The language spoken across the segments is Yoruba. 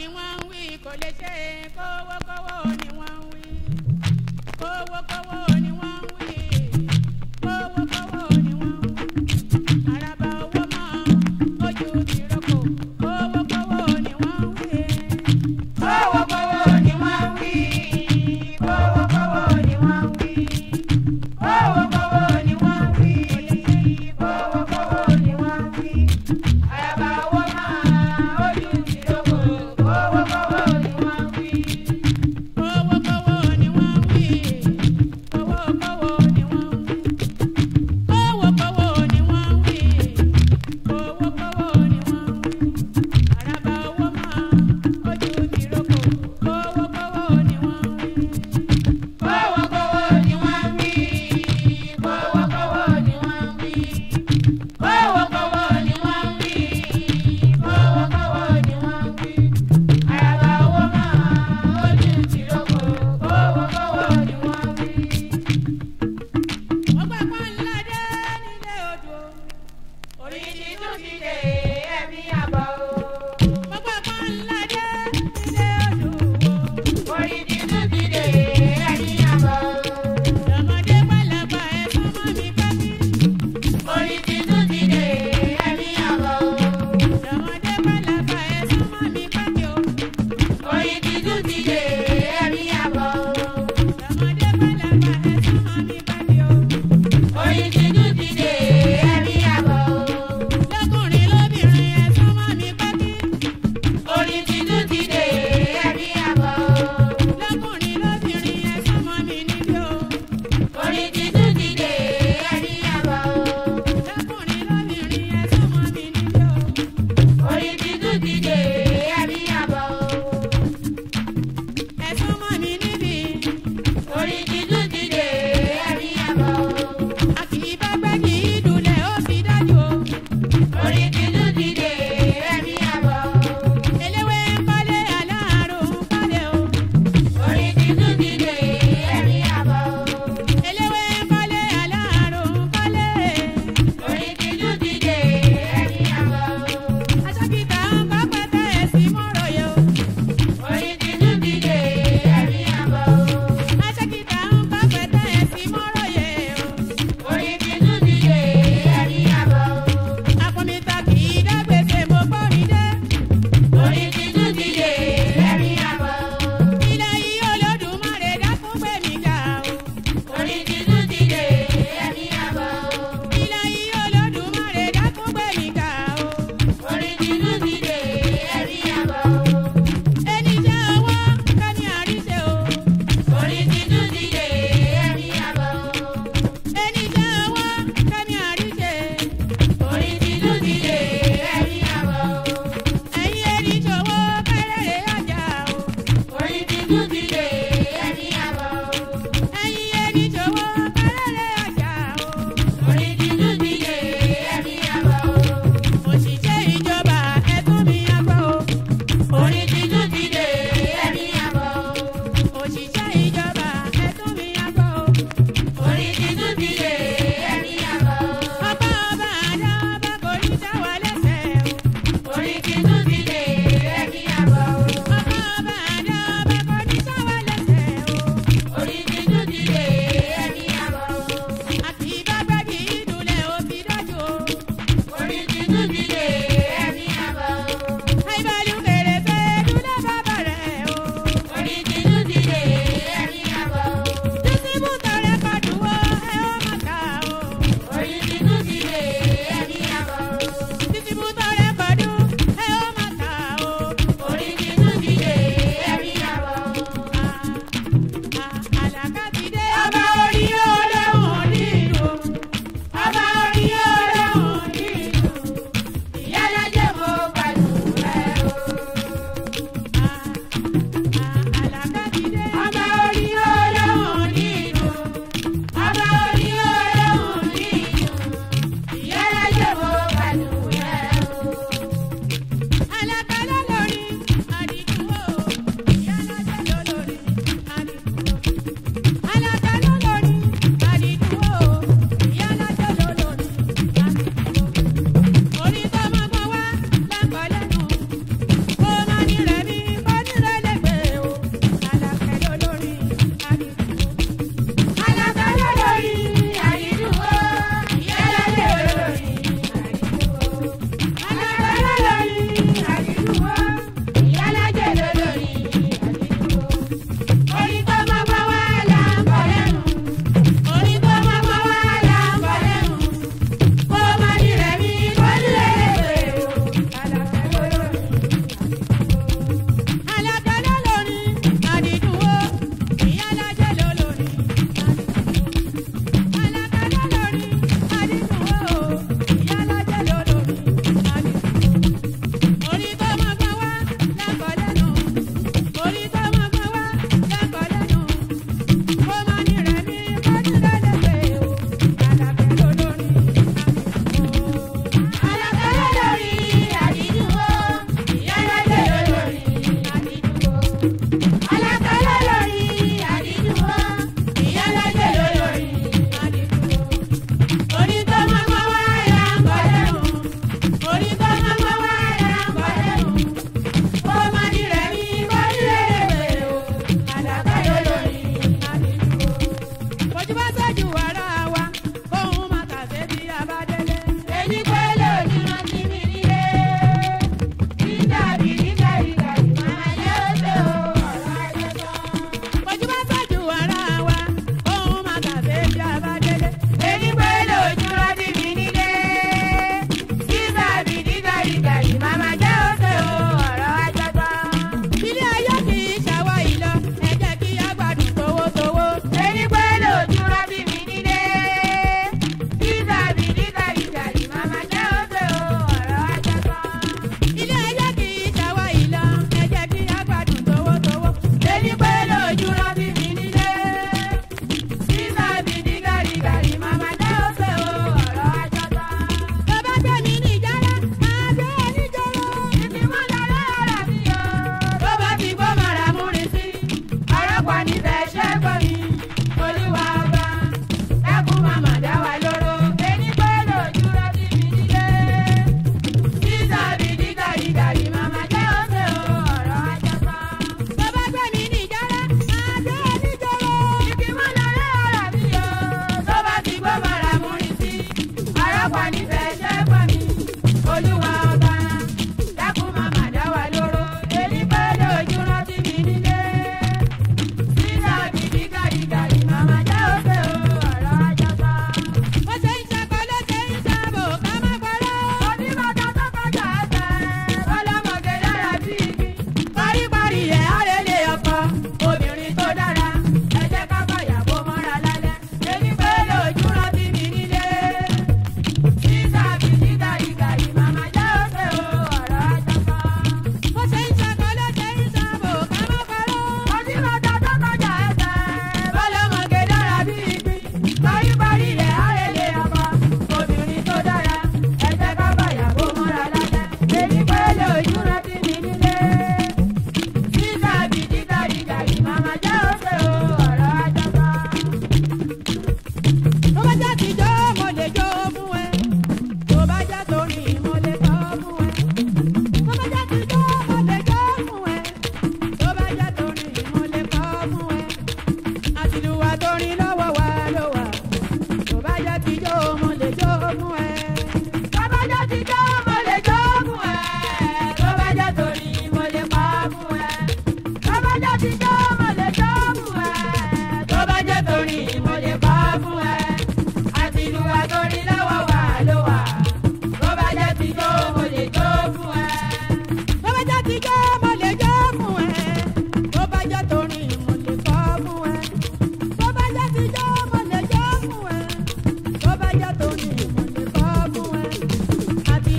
ni wọ́n ń wí kò lè ṣe é kówókówó ni wọ́n ń wí kówókówó. you it.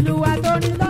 I tó ní lọ.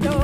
yo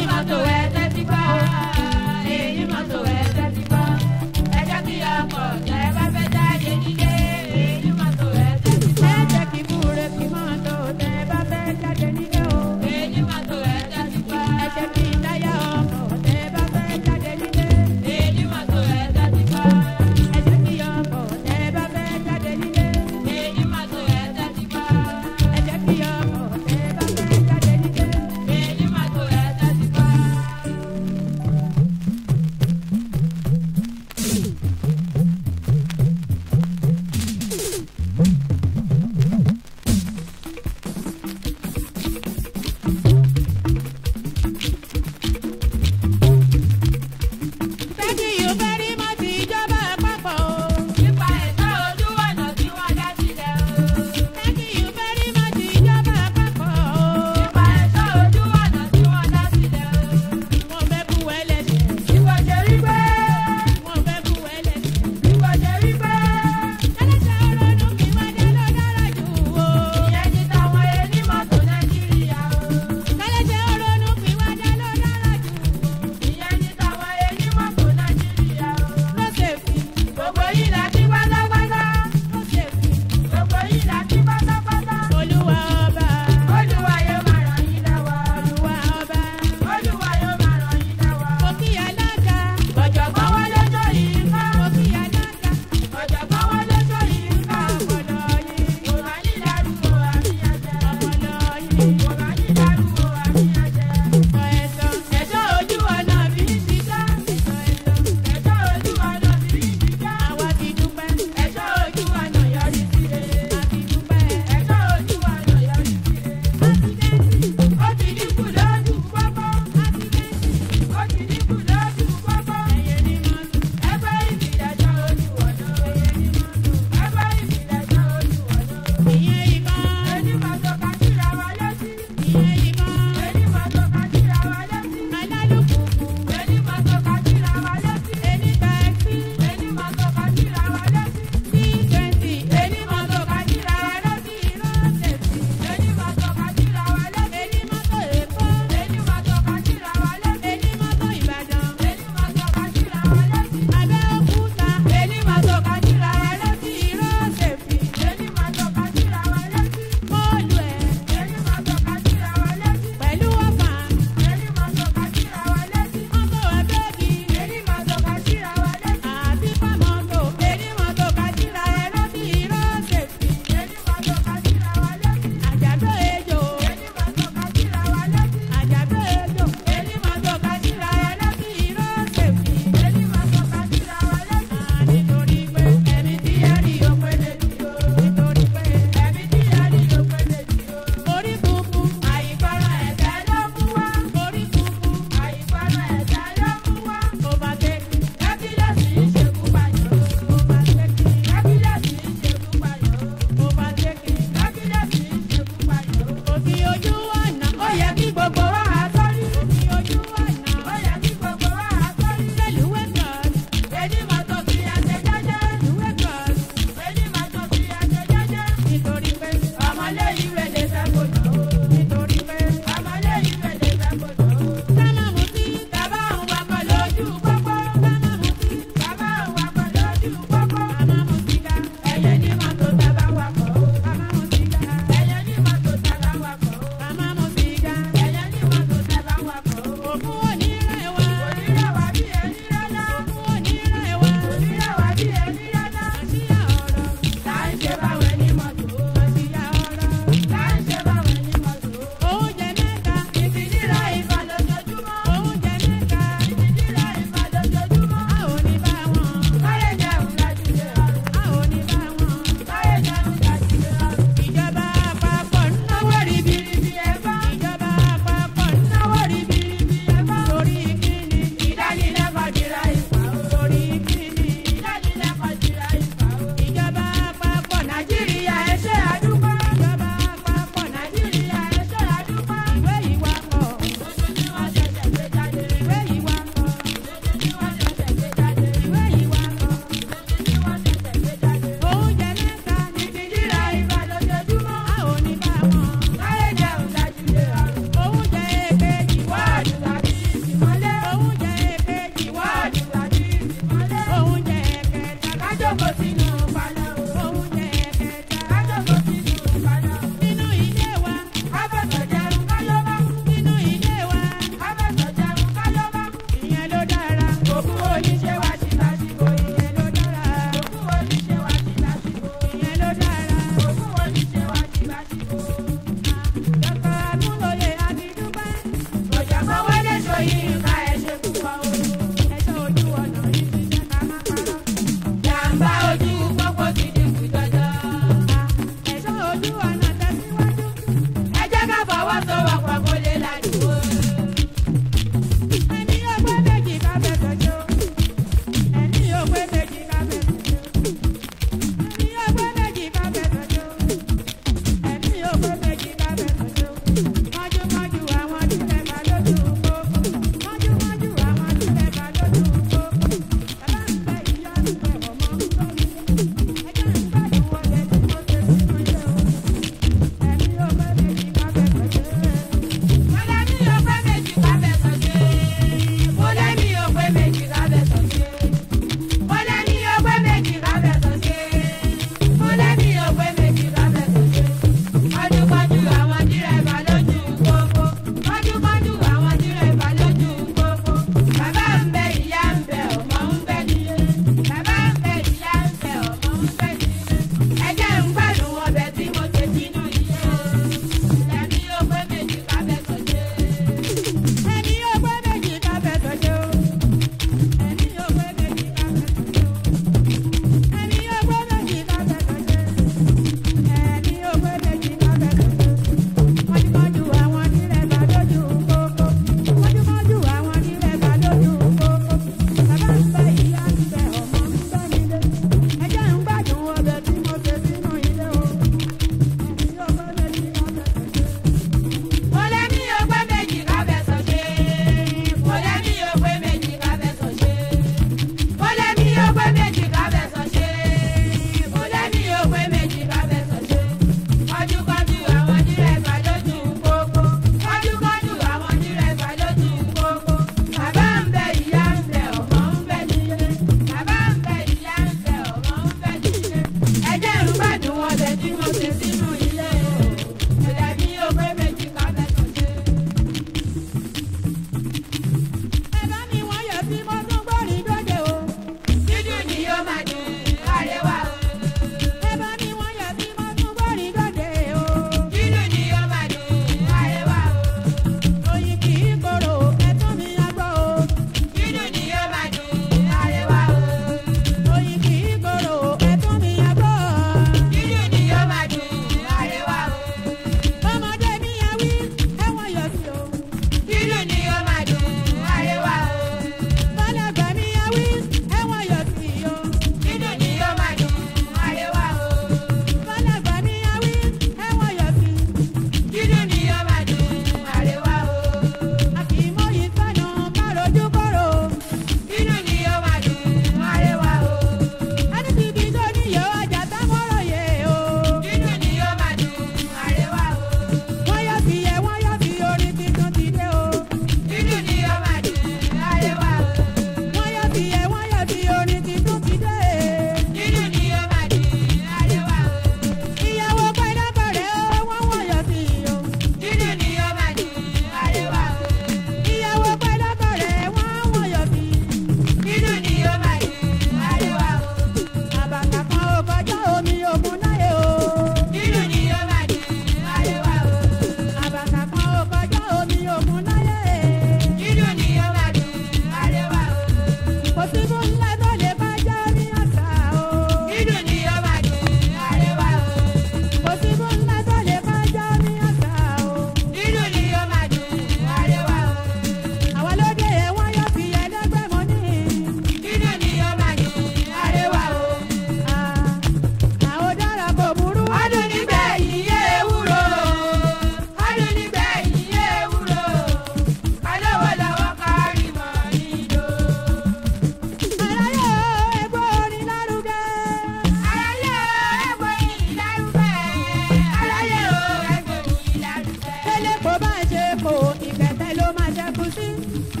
Thank you.